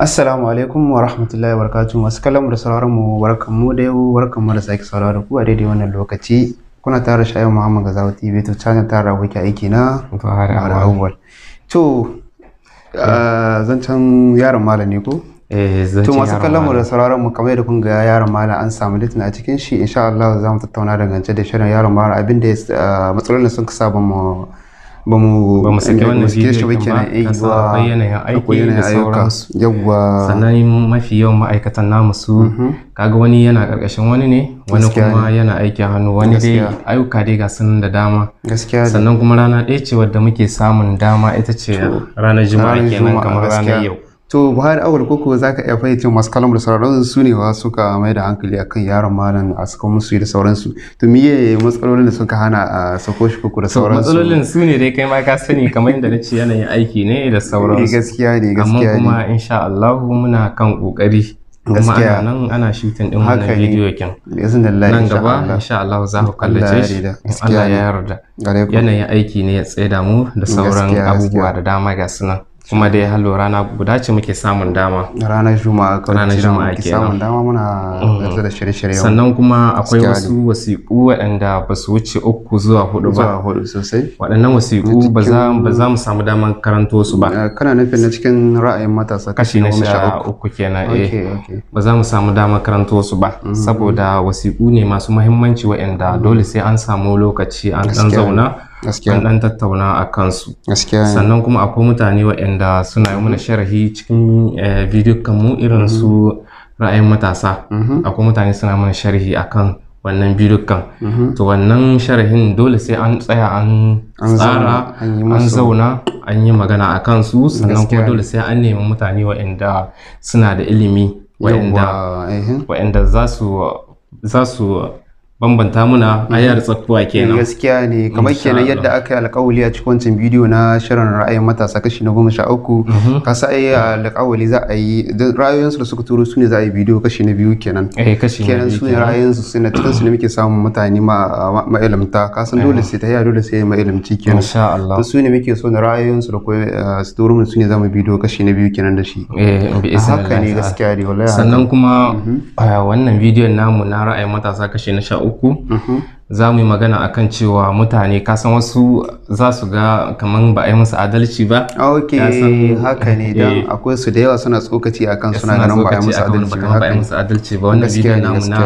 Assalamu alaikum wa rahmatullahi wa barakatuhu masu kallon da sauraron mu barkan mu da yau barkan mu da sake saurara da ku a daidai wannan lokaci kuna tare da Shayu Muhammad Gazawa TV to channel ta rawo ki aiki na Fahara Awwal to eh. ah, zancen yaron malami ko eh to masu kallon mu da sauraron mu kamar yadda kun ga yaron malam an samu litinin a cikin shi insha Allah za mu tattauna dangance da shirin yaron malam da ah, matsalolin sun kasa ba mu ba mu ba saki wannan bidiyo ba kenan yawa eh, akwai aiki da sauransu yawa sannan mafi yawan ma'aikatan namu su mm-hmm. kaga wani yana karkashin wani ne wani kuma yana aiki hannu wani dai ayyuka dai ga sun da dama gaskiya sannan kuma rana ɗaya ce wadda muke samun dama ita ce ranar juma'a kenan kamar ranar yau to buhari awal koko za ka iya fahimci masu kalmar sauran su ne wa suka mai da hankali akan yaron malam a suka musu da sauransu to miye matsalolin da suka hana a sako shi koko da sauransu matsalolin su ne dai kai ma ka sani kamar yadda na ce yanayin aiki ne da sauransu su. Eh, gaskiya ne gaskiya ne amma kuma insha Allah muna kan kokari gaskiya nan ana shooting din wannan video kin nan gaba insha Allah za ku kallace shi Allah ya yarda yanayin aiki ne ya tsaya da mu da sauran abubuwa da dama ga sunan kuma dai hallo rana guda ce muke samun dama ranar juma'a ranar juma'a ke samun dama muna zarta mm. da shirye-shirye sannan kuma akwai wasu wasiƙu waɗanda ba su wuce uku zuwa hudu ba hudu sosai waɗannan wasiƙu ba za mu samu daman karanto su ba eh, kana nufin na cikin ra'ayin matasa kashi na sha uku kenan eh ba za mu samu daman karanto su ba mm-hmm. saboda wasiƙu ne masu muhimmanci waɗanda dole sai an samu lokaci an ɗan zauna an dan tattauna a kansu sannan kuma akwai mutane waɗanda suna yi mana sharhi cikin eh, bidiyo mu irin su mm-hmm. ra'ayin matasa mm-hmm. akwai mutane suna mana sharhi akan wannan kan. Mm-hmm. to wannan sharhin dole sai an tsaya an tsara an zauna an yi magana a kansu sannan kuma dole sai an nemi mutane waɗanda suna da ilimi waɗanda eh. za su bambanta muna mhm. ayar tsakuwa kenan eh, gaskiya ne kamar kenan yadda aka yi alƙawali a cikin wancan bidiyo na shirin ra'ayin matasa kashi na goma sha uku mhm. ka sa yi ah, alƙawali za a yi ra'ayoyinsu da suka turo su ne za a yi bidiyo kashi na biyu kenan eh, kenan su ne ra'ayoyinsu su ne cikin su ne muke samun mutane ah, ma'ilimta ka san dole eh. sai ta yi dole sai ma'ilimci kenan insha Allah su ne muke so na ra'ayoyinsu da kuma ah, su turo mu su ne za mu bidiyo kashi na biyu kenan da shi haka ne gaskiya ne sannan kuma mhm. wannan bidiyon namu na ra'ayin matasa kashi na sha uku za mu yi magana akan cewa mutane kasan wasu za su ga kamar ba a yi musu adalci ba ok haka ne don eh. akwai su da yawa suna tsokaci akan suna ganin ba a yi musu adalci ba haka bidiyo namu na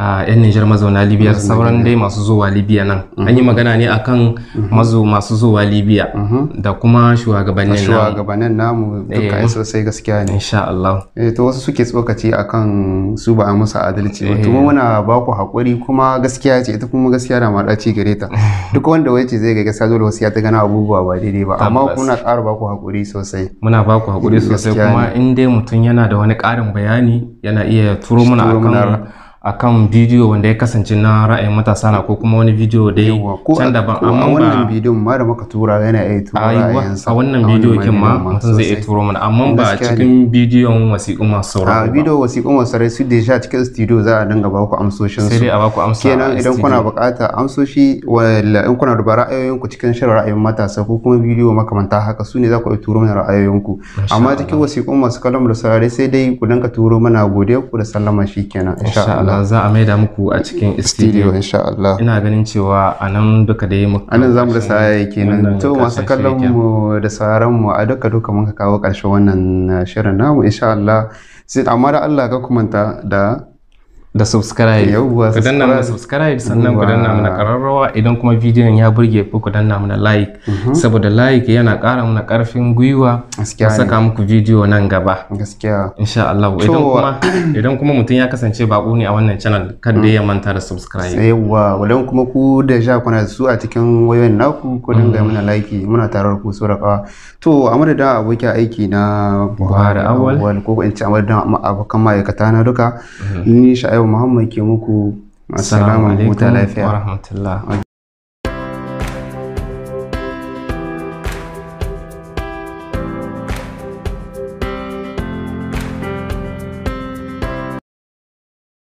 'yan Nijar mazauna Libya sauran dai masu zuwa Libya nan. An yi mhm. magana ne akan mhm. mazo masu zuwa Libya mhm. da kuma shugabannin namu. Shugabannin namu duka eh. ai sosai gaskiya ne. Insha Allah. Eh to wasu suke tsokaci akan su ba a musu adalci ba. Eh. To muna ba ku hakuri kuma gaskiya ce ita kuma gaskiya na ma daci gare ta. Duk wanda wace zai ga gaskiya dole wasu ya ta gana abubuwa ba daidai ba amma kuna ƙara ba ku hakuri sosai. Muna ba ku hakuri mm, sosai kuma in dai mutum yana da wani ƙarin bayani yana iya turo muna akan akan bidiyo wanda ya kasance na ra'ayin matasa na ko kuma wani bidiyo da ya can daban amma ba wannan bidiyon ma da muka tura yana iya tura ra'ayinsa a wannan bidiyo kin ma mutum zai iya turo mana amma ba cikin bidiyon wasiƙu masu sauraro a bidiyo wasiƙu masu sauraro su deja cikin studio za a dinga ba ku amsoshin su sai dai a ba ku amsa kenan idan kuna buƙata amsoshi wala in kuna da ra'ayoyin ku cikin shirin ra'ayin matasa ko kuma bidiyo makamanta haka su ne za ku iya turo mana ra'ayoyin ku amma cikin wasiƙu masu kalamu da sauraro sai dai ku dinga turo mana godiya ku da sallama kenan insha Allah Allah za a maida muku a cikin studio insha Allah ina ganin cewa a nan duka da yi muku a nan zamu da saya kenan to masu kallon mu da sauraron mu a duka duka mun kawo karshen wannan eh, shirin namu insha Allah sai amma da Allah ka manta da da subscribe yauwa ku danna mana subscribe sannan ku danna mana kararrawa idan kuma bidiyon ya burge ku ku danna mana like mhm. saboda like yana ƙara mana ƙarfin gwiwa gaskiya saka muku bidiyo nan gaba gaskiya insha Allah idan kuma idan kuma mutum ya kasance bako ne a wannan channel kan dai ya manta da subscribe yauwa wadan kuma ku da ja kuna su a cikin wayoyin naku ku dinga mana mhm. like muna tarar ku surakawa to a madadin abokin aiki na Buhari Awal ko in ce a madadin abokan ma'aikata na duka mhm. ni sha'awa yau Muhammad ke muku assalamu alaikum wa rahmatullah